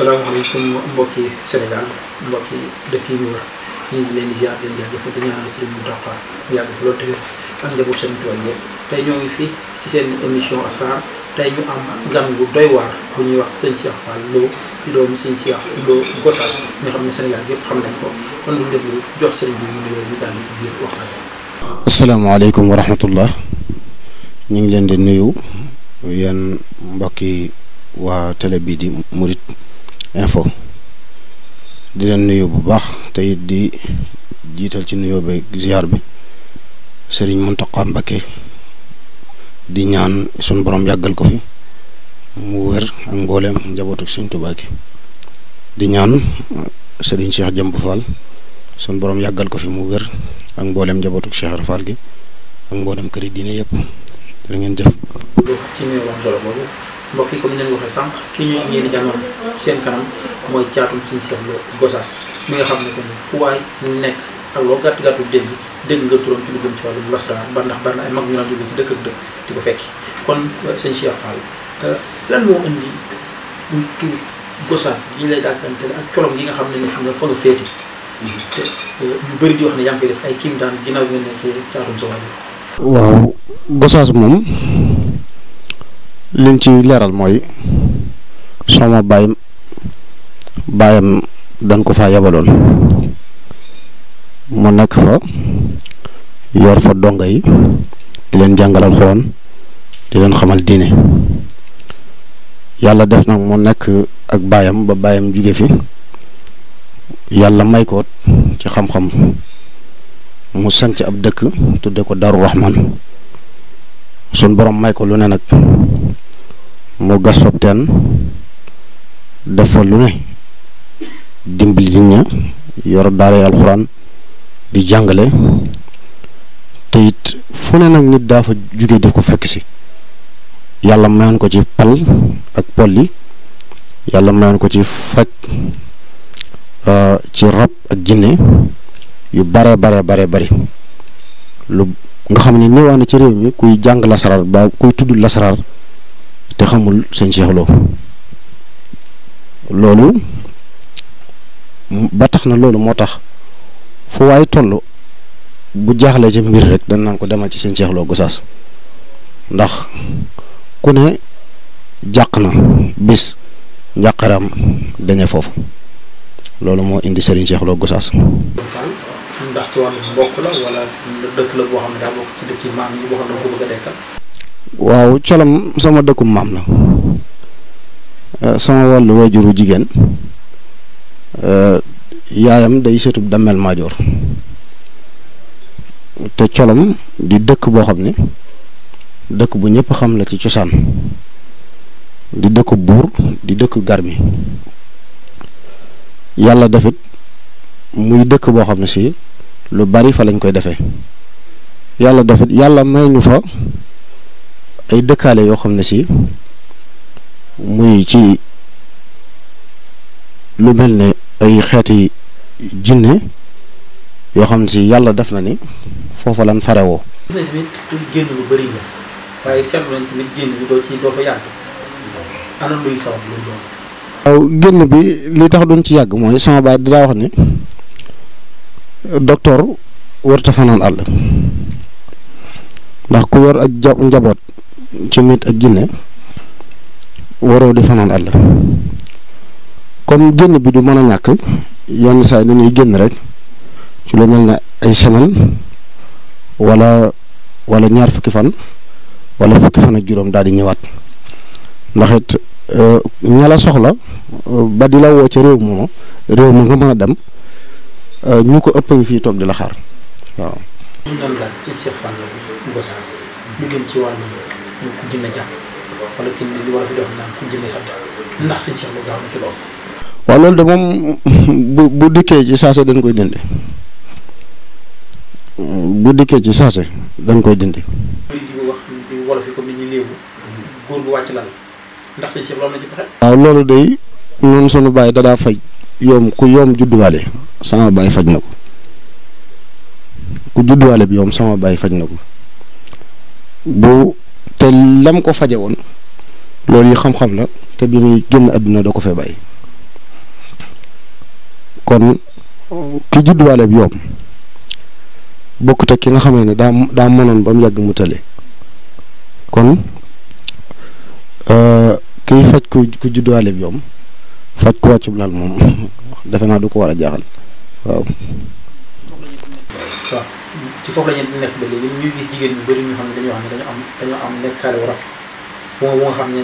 asalaamaaleykum mbokki Sénégal mbokki dëkk yi ñu wër ñu ngi leen di ziar di leen jaajëfal di ñaanal Serigne Mountakha yàgg fa loolu te ak njaboot seen tuwaay yëpp tey ñoo ngi fi ci seen émission asrar tey ñu am gan gu doy waar bu ñuy wax sëñ Cheikh Fall Lo di doomu sëñ Cheikh Lo Gossas nga xam ne Sénégal yëpp xam nañ ko kon duñ def lu jox sëriñ bi mu nuyoo ñu daal ci biir waxtaan asalaamaaleykum wa rahmatullah ñu ngi leen di nuyu yéen mbokki waa télé bii di Murit info di len nuyu bu baax te di jital ci nuyu be ziar bi serigne Mountakha mbake di ñaan sun borom yagal ko fi mu wér ak mbolem njabootu serigne touba ki di ñaan uh, serigne Cheikh Jëmb Fall sun borom yagal ko fi mu wér ak mbolem njabootu Cheikh rafal gi ak mbolem këri dina yep da ngeen def ci mbokk yi comme ni waxee sànq ki ñu am mooy caatum suñu Cheikh Lo mi nga xam ne kon fu waay nekk ak loo gàtt gàttu dégg dégg nga turam ci lu ci wàllum lasraar ba ndax bari na ay mag ñu naan jóge ci dëkk ak dëkk kon euh, sëñ Cheikh Fall euh, lan moo indi muy tur ak colom gi nga xam ne ne fi nga fa nga féete te euh, ñu bëri di wax ne yaa ngi def ay kiim daan ginnaaw bi nga nekkee caatum sa waaye waaw Gossas moom liñ ci leeral mooy sama baay baayam dañ ko fa yabaloon mu nekk fa yor fa donga yi di leen jàngalal xoloon di leen xamal diine yàlla def nag mu nekk ak baayam ba baayam jóge fi yàlla may ko ci xam-xam mu sanc ab dëkk tudde ko Daaru Raxmaan sun boroom may ko lu ne nag no gas fab teen lu ne dimbali nit ña yor daaray alquran di jàngale te it fu ne nag nit daa fa jóge di ko fekk si yàlla mayoon ko ci pal ak poli yàlla mayoon ko ci faj euh, ci rab ak jinne yu bare bare bare bare lu nga xam ne néewaa ci réew mi kuy jàng lasaraar ba kuy tudd lasaraar xamul sëñ Cheikh Lo loolu ba tax na loolu moo tax fu waay toll bu jaaxlee ci mbir rek dañ naan ko demal ci sëñ Cheikh Lo Gossas ndax ku ne jàq na bis njàqaram dañe foofu loolu moo indi Serigne Cheikh Lo ko bëgg waaw colom sama dëkkum maam la euh, sama wàllu wajuru jigéen euh, yaayam day sëtub dammel maajoor te colom di dëkk boo xam ne dëkk bu ñëpp xam la ci cosaan di dëkk buur di dëkk garmi yàlla defit muy dëkk boo xam ne si lu bari fa lañ koy defee yàlla defit yàlla may ñu fa ay dëkkaale yoo xam ne si muy ci lu mel ne ay xeeti jinne yoo xam ne si yàlla def na ni foofa lan farewoo. gis nañ génn lu bëri bi doo ci yàgg ana luy sabab li tax duñ ci yàgg mooy sama baay daa wax ni docteur warta fanaan àll ndax ku yor ak njaboot ci nit ak jinne waroo di fanaan àll comme génn bi du mën a ñàkk yenn saa yi dañuy génn rek ci lu mel na ay semaine wala wala ñaar fukki fan wala fukki fan ak juróom daal di ñëwaat ndax it euh, ña soxla euh, ba di la woo ca réew moomu réew mu nga mën a dem euh, ñu ko ëpp ngi fii toog di la xaar ñu ko jinne waaw loolu de moom dañ koy dindi bu dikkee ci dañ koy dindi. day ñun sunu baay dadaa faj yoom ku yoom judduwaale sama baay faj na ko ku judduwaale bi yoom sama baay faj na ko bu te lam ko faje woon loolu yi xam-xam la te bi muy génn àdduna doo ko fee bàyyi kon ki judduwaale bi yoom bokkut ak ki nga xamee ni daa daa mënoon ba mu yàgg mu tële kon euh, kiy faj ku ku judduwaale bi yoom faj ku wàccub laal moom defe naa du ko war a jaaxal waaw. ci foofu la ñu nekk ba léegi ñuy gis jigéen ñu bëri ñu xam xam ne dañu am dañoo nekkaale wu xam ne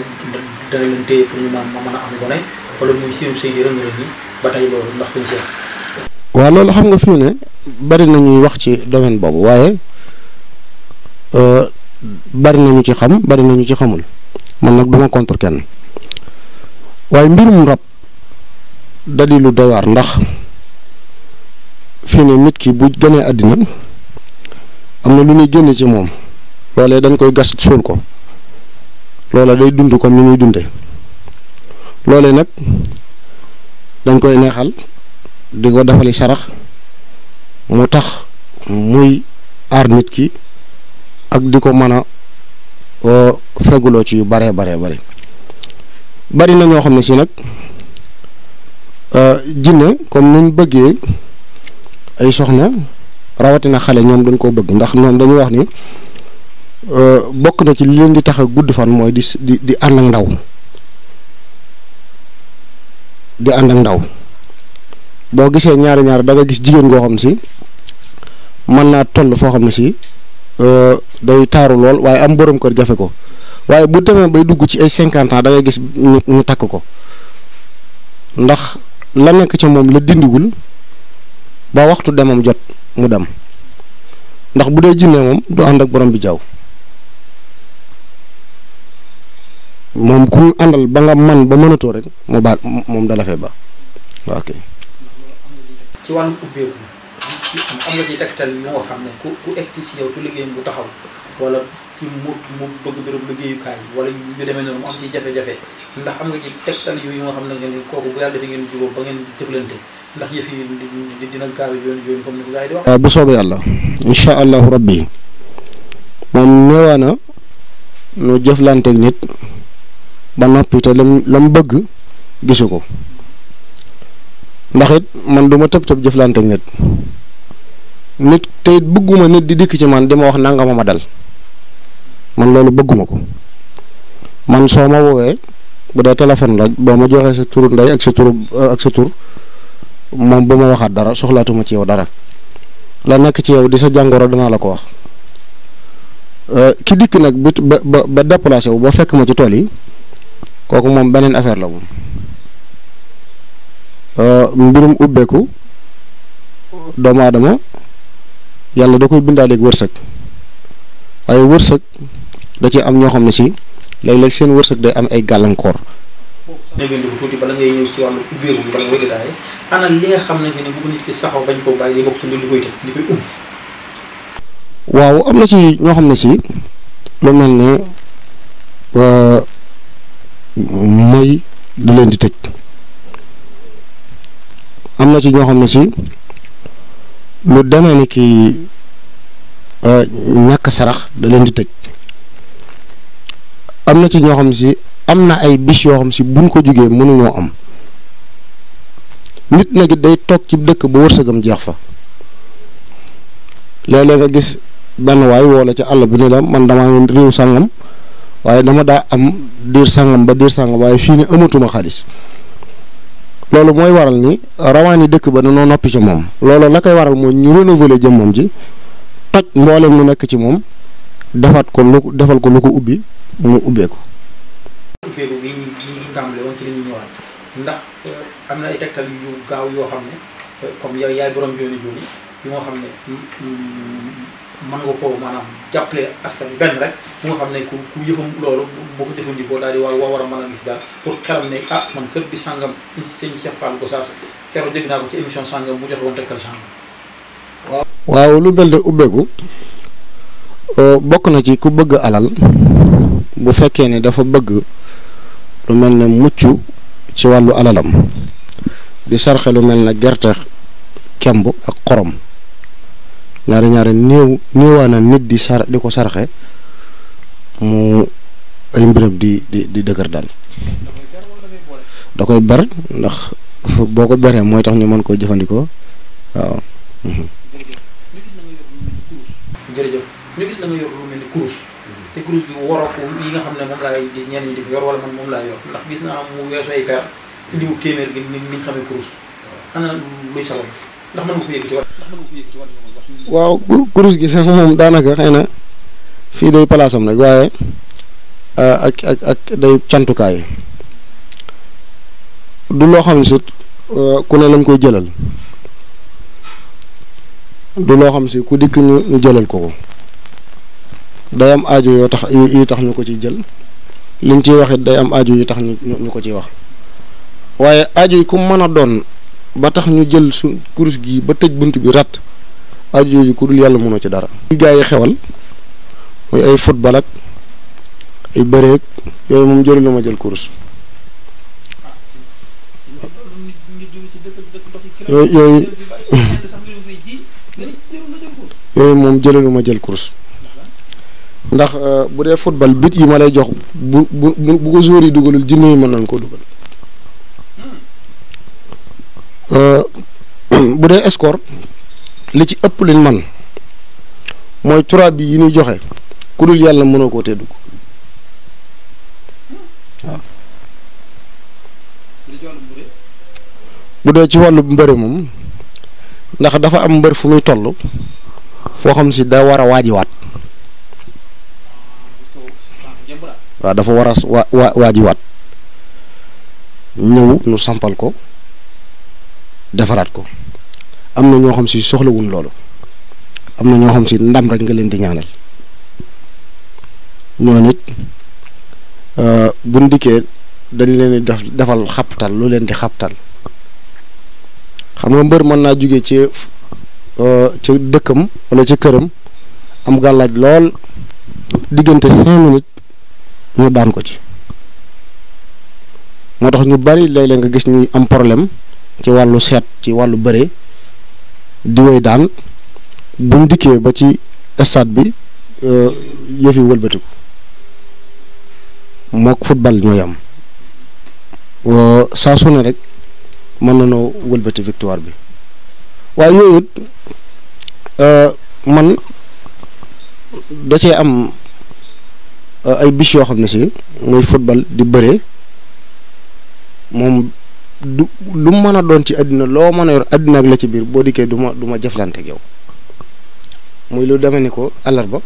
loolu xam nga fi mu ne bari na wax ci domaine boobu waaye euh, bari nañu ci xam bari nañu ci xamul man nag duma contre kenn waaye mbirum rab dali lu ndax fi ne nit ki bu gënee àddina am na lu ñuy génne ci moom loolee dañ koy gas suul ko loola day dund comme ni muy dunde loole nag dañ koy neexal di ko defali sarax mu tax muy aar nit ki ak di ko mën a feguloo ci yu baree baree bari bari na ñoo xam ne si nag euh, jinne comme niñ bëggee ay soxna na xalé ñom duñ ko bëgg ndax ñom dañu wax ni euh, bokk na ci li leen di tax a gudd fan moy di di di ak ndaw di and ak ndaw bo gisé ñaar ñaar da nga gis jigéen go xam ci man na toll fo xam ci euh day taru lool waye am borom ko jafé ko waye bu demee bay dugg ci ay 50 ans da nga gis ñu tak ko ndax la nek ci mom la dindigul ba waxtu demam jot mu dem ndax budé dee mom do and ak borom bi jaw mom ku andal ba nga man ba mëna to rek mu baat moom dala fee ba waaw ok ci wàllu ubbeeku am nga ci tegtal mo nga ku ku ekti ci yow tu liggéeyam bu taxaw wala ki mu mu bëgg bërëb kay wala yu démé non am ci jafé jafé ndax am nga ci tegtal yu nga xam ngeen koku bu yalla defee ngeen jubóo ba ngeen jëflante bu soobee yàlla incha allahu rabbi moom neewaana nu jëflanteeg nit ba noppi te lam lam bëgg gisu ko ndaxit man du ma tëb tëb jëflanteeg nit nit te bëgguma nit di dikk ci man di ma wax nangama ma dal man loolu bëgguma ko man soo ma woowee bu dee téléphone la boo ma joxee sa turu ndey ak sa turu ak sa tur. moom ba ma waxaat dara soxlaatuma ci yow dara la nekk ci yow di sa jàngoro danaa la ko wax euh, ki dikk nag ba ba ba déplacé wu ba fekk ma ci tool yi kooku moom beneen affaire la moom euh, mbirum ubbeeku doomu aadama yàlla da koy bindaaleeg wërsëg waaye wërsëg da ci am ñoo xam ne si léeg-léeg seen wërsëg day am ay gàllankoor négandiku nga xam ne ne waaw am na ci ñoo xam ne si lu mel ne mooy du di tëj am na ci ñoo xam ne si lu demee ni ki euh, ñàkk sarax da di tëj am na ci ñoo xam ne si am na ay bis yoo xam si buñ ko jógee mënuñoo am nit nag day toog ci dëkk ba wërsëgam jeex fa léeg-léeg nga gis benn waay woola ci àll bu ne la man damaa ngeen réew sàngam waaye dama daa am diir sàngam ba diir sàngam waaye fii ne amatuma xaalis loolu mooy waral ni rawaani dëkk ba danoo noppi ci moom loolu la koy waral mooy ñu jëm moom ji toj mboolem mu nekk ci moom defaat ko lu defal ko lu ko ubbi mu ubbee ubbeeku bi ñu tàmbale won ci la ñuy ñëwaat ndax eh, am na ay tegtal yu gaaw yoo xam ne comme eh, yow yaay ya borom yooni jooni yi moo xam ne mën nga koo maanaam jàppale askan benn rek bu nga xam ne ku ku yëfam loolu boo ko jëfandikoo daal di war war a mën a gis daal pour xelam ne ah man kër bi sàngam sëñ sëñ Cheikh Fall Gossas keroog dégg naa ko ci émission sangam mu joxe woon tegtal sàngam waaw waaw lu mel ne ubbeeku eh, bokk na ci ku bëgg alal bu fekkee ne dafa bëgg lu mel na mucc ci wàllu alalam di sarxe lu mel na gerte kemb ak xorom ñaari ñaari néew néewaana nit di sar di ko sarxe mu ay mbiram di di di dëgër daal da koy ber ndax boo ko beree mooy tax ñu mën koo jëfandikoo waaw. te kurus bi waroo yi nga xam ne moom laay gis ñenn ñi di ko yor wala man moom laay yor ndax gis naa mu weesu ay per te liwu téeméer gi ni niñ xamee kurus ana luy waaw kurus gi sax moom daanaka xëy fii day palaasam rek waaye euh, ak ak ak cantukaay du loo xam si euh, ku ne lañ koy jëlal du loo xam si ku dikk ñu jëlal ko ko day am aajo yoo tax yu tax ñu ko ci jël liñ ci wax day am ajo yi tax ñu ko ciy wax waaye ajo yi ku mën a doon ba tax ñu jël su kurus gi ba tëj bunt bi ratt ajo yi ku dul yàlla mënoo ci dara. yi yi xewal muy ay football ak ay bëreeg yooyu moom jëriñu ma jël kurus yooyu yooyu yooyu ma jël kurus. ndax euh, bu dee football bit yi ma lay jox bu bu bu ko joueur yi dugalul jinne yi mën nañ koo dugal euh, bu dee score li ci ëpp lin man mooy trois bi yi ñuy joxe ku dul yàlla mënoo koo tee dugg waaw bu dee ci wàllu mbëri moom ndax dafa am mbër fu muy tollu foo xam si da war a waajiwaat waa dafa war a waa waajiwaat ñëw nu sampal ko defaraat ko am na ñoo xam si soxlawuñ loolu am na ñoo xam si ndam rek nga leen di ñaanal ñoo it euh, buñ dikkee dañ leen di defal xaptal lu leen di xaptal xam nga mbër mën naa jóge ci euh, ci dëkkam wala ci këram am gàllaaj lool diggante cinq minutes ñu daan ko ci moo tax ñu bari léeg-léeg nga gis ñuy am problème ci wàllu seet ci wàllu bëre di way daan buñ dikkee ba ci stade bi euh, yëf yi wëlbatiku mook football ñooy am euh, saa su rek mën na noo wëlbati victoire bi waaye yooyu euh, man da cee am Euh, ay bis yoo xam ne si muy football di bëre moom du lu mën a doon ci àddina loo mën a yor àddina ak la ci biir boo dikkee du ma du ma jëflante yow muy lu demee ni ko àllarba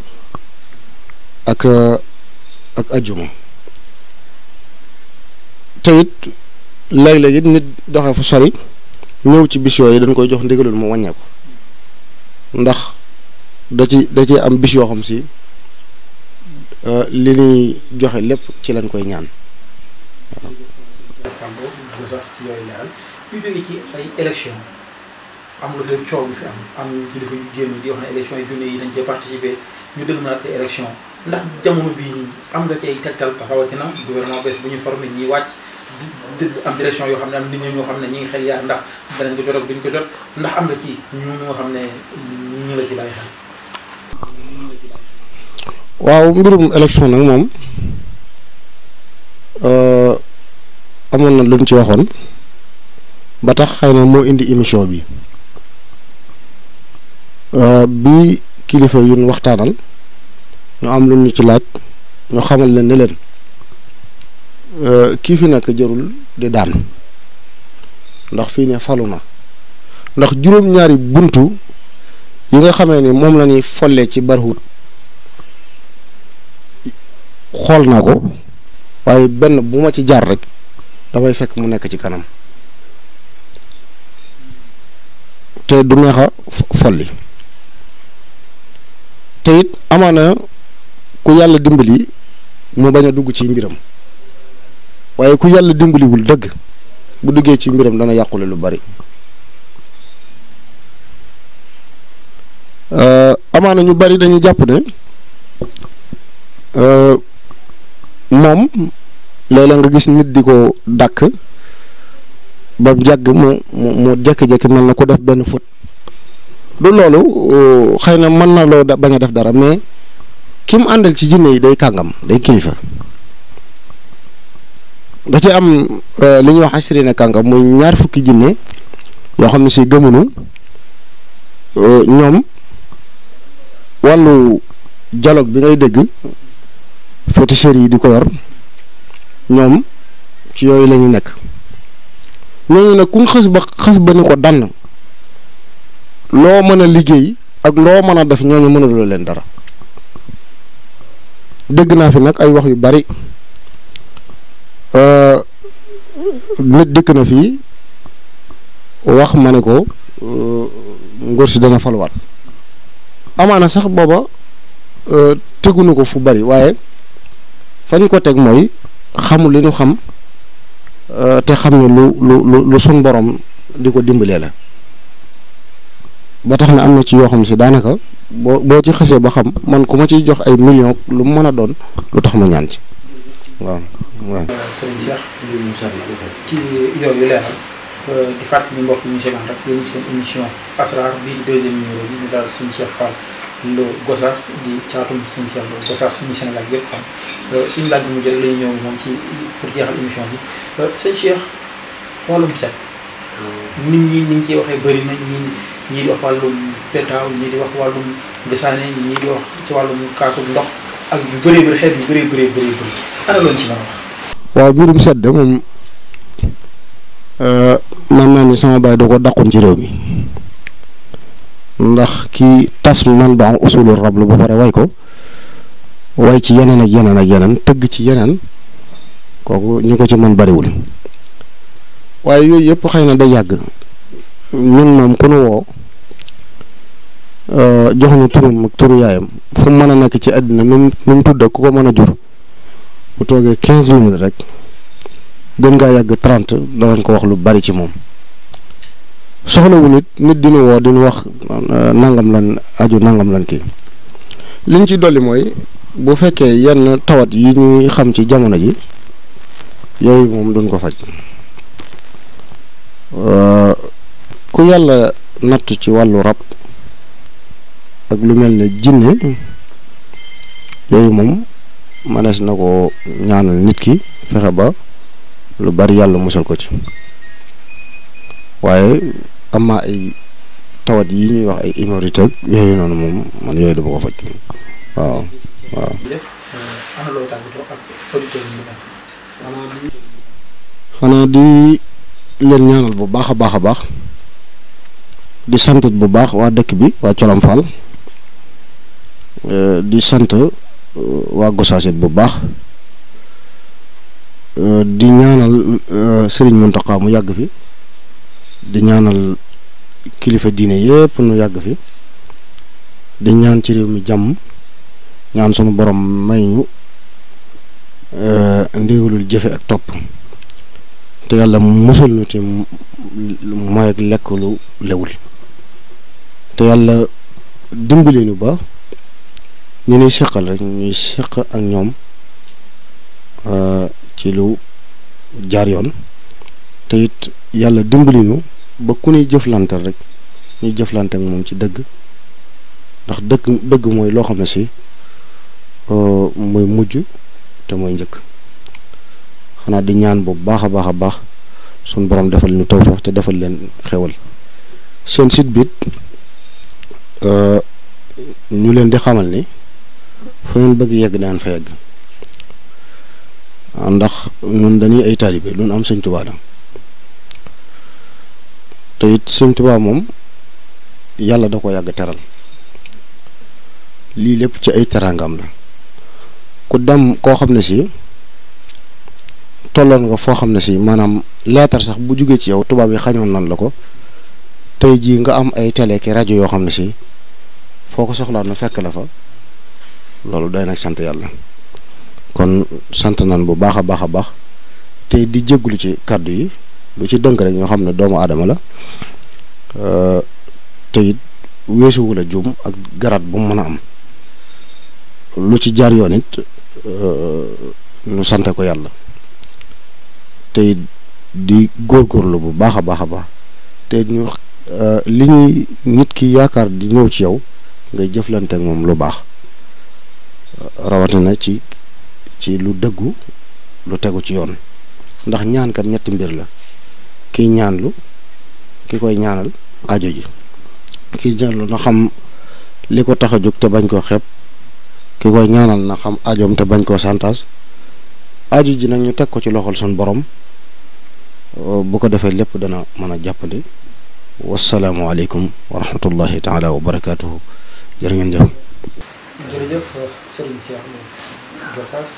ak euh, ak ajjuma te it léeg-léeg it nit doxee fu sori ñëw ci bis yi dañ koy jox ndigalul mu wàññeeku ndax da ci da ci am bis yoo xam si Euh, li ñuy joxe lépp ci lañ koy ñaan waaw. ñu jógee ci ay élection am lu fi coow lu fi am am kilifa yu génn di wax ne élection yi junne yi dañ cee participer ñu dëgg naa ay élection ndax jamono bii nii am na ci ay tegtal rawatina gouvernement bees bu ñu formé ñiy wàcc dëgg am direction yoo xam ne am nit ñi ñoo xam ne ñi ngi xel yaar ndax danañ ko jot ak duñ ko jot ndax am nga ci ñu nga xam ne ñu la ci bàyyi xel. waaw mbirum élection nag moom euh, amoon na luñ ci waxoon ba tax xëy na moo indi émission bi euh, bi kilifa yu ñu waxtaanal ñu am lu ñu ci laaj ñu xamal leen ne leen euh, kii fi nekk jarul di daan ndax fii ne falu na ndax juróom-ñaari buntu yi nga xamee ni moom la ñuy follee ci barhut xool naa ko waaye benn bu ma ci jaar rek damay fekk mu nekk ci kanam te du neex a folli te it amaana ku yàlla dimbali mu bañ a dugg ci mbiram waaye ku yàlla dimbaliwul dëgg bu diggee ci mbiram dana yàqule lu bari euh, amaana ñu bari dañuy jàpp ne euh, moom léeg nga gis nit di ko dàkk ba jàgg mu mu mu jékki mel na ko def benn fóot du loolu euh, xëy na mën na loo ba nga def dara mais ki mu àndal ci jinne yi day kàngam day kilifa da ci am euh, li ñuy wax asri na kàngam muy ñaar fukki jinne yoo xam ne si gëmunu euh, ñoom wàllu dialogue bi ngay dégg féticheurs yi di ko yor ñoom ci yooyu la ñu nekk ñooñu nag ku xës ba xës ba ni ko dann loo mën a liggéey ak loo mën a def ñooñu mënuloo leen dara dégg naa fi nag ay wax yu bari euh, nit dëkk na fii wax ma ne ko euh, nguur si dana falwaat amaana sax booba euh, tegunu ko fu bari waaye fañ ko teg mooy xamul li ñu xam euh, te xam ne lu lu lu sun borom di ko dimbalee la ba tax na am na ci yoo xam si daanaka boo boo ci xasee ba xam man ku ma ciy jox ay millions lu mu mën a doon lu tax ma ñaan ci waaw waaw. sëriñ Lo Gossas di caatum sëñ Cheikh Lo Gossas ñu Sénégal yëpp xam suñu laaj mu jël la ñu ñëw moom ci pour jeexal émission bi eh, sëñ Cheikh wàllum set ah. nit ñi ni ñu ciy waxee bëri na ñi ñii di wax wàllum pétaaw ñii di wax wàllum gësaane ñii di wax ci wàllum kaasu ndox ak yu bëree bëri xeet yu bëree bëri bëri ci mën a wax waaw mbirum set de moom eh, man naa ni sama baay da ko dàqoon ci ndax ki tas man doon usulul rablu ba pare way ko way ci yeneen ak yeneen ak yeneen tëgg ci yeneen kooku ñi ko ci mën bariwul waaye yooyu yëpp xëy na day yàgg ñun moom ku nu woo euh, jox ñu turam ak mu ci àddina mu tudd ku ko mën a jur bu toogee 15 minutes rek gën ngaa yàgg trent danañ ko wax lu bari ci moom. soxlawu nit nit dinu woo dinu wax euh, nangam lan aju nangam lan ki liñ ci dolli mooy bu fekkee yenn tawat yi ñuy xam ci jamono ji yooyu moom duñ ko faj euh, ku yàlla natt ci wàllu rab ak lu mel ne jinne yooyu moom manees na ko ñaanal nit ki fexe ba lu bari yàlla musal ko ci waaye am ay tawat yi ñuy wax ay hémorroïdes ak yooyu noonu moom man yooyu dama ko faj waaw euh, xanaa di leen ñaanal bu baax a baax a baax di sant bu baax waa dëkk bi waa Colom euh, di sant euh, waa Gossas bu baax di ñaanal Serigne Mountakha mu yàgg fi. di ñaanal kilifa diine yépp nu yàgg fi di ñaan ci réew mi jàmm ñaan sunu borom may ñu eh, ndigalul jëfe ak topp te yàlla musul ñu ci mooy ak lekk lu lewul te yàlla dimbali ba ñu nuy seqal rek ñuy seq ak ñoom eh, ci lu jaar yoon te it yàlla dimbali ba ku ñuy jëflantal rek ñuy jëflante ak moom ci dëgg ndax dëgg dëgg mooy loo xam ne si euh, mooy mujj te mooy njëkk xanaa di ñaan bu baax a baax a baax suñ borom defal ñu tawfeex te defal leen xewal seen site biit euh, ñu leen di xamal ni fa ngeen bëgg yegg daan fa yegg ndax ñun dañuy ay taalibe lu ñu am sëñ Tuubaa te it Sëriñ touba mom yalla da ko yàgg teral li lepp ci ay terangam la ku dam ko xamne ci tolon nga fo xamne ci manam maanaam sax bu joge ci yow touba bi xagnon nan lako tay ji nga am ay télé ki rajo yo xamne ci foko soxla ko soxlaa fekk la fa lolou day nak sante yalla kon sante nan bu bahah bahah bax tay te di jégglu ci yi lu ci dënk rek ñoo xam ne doomu aadama la euh, te it weesuwu la jum ak garaat bu mu mën a am lu ci jaar yoon it nu euh, sante ko yàlla te it di góorgóorlu bu baax a baax a baax te ñu euh, li ñuy nit ki yaakaar di ñëw ci yow ngay jëflante ak moom lu baax rawatina ci ci lu dëggu lu tegu ci yoon ndax ñaan kat ñetti mbir la. ki lu, ki koy ñaanal aajo ji ki ñaanlu na xam li ko tax a jóg te bañ ko xeeb ki koy ñaanal na xam aajoom te bañ ko santas aajo ji nag ñu teg ko ci loxol sun borom euh, bu ko defee lépp dana mën a jàppale alaykum wa rahmatullahi taala wa barakaatuhu jërë ngeen jëf jërëjëf euh, sëriñ Cheikh Lo Gossas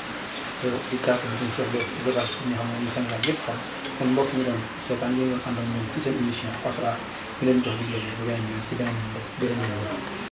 euh, di kàddu sëriñ Cheikh ñu xam ñu sangaat yëpp xam kon mbokk ñu doon seetaan ñu ngi doon ànd ak ñoom ci seen émission Asrar leen jox dig daje bu beneen yoon ci beneen numéro jërë ngeen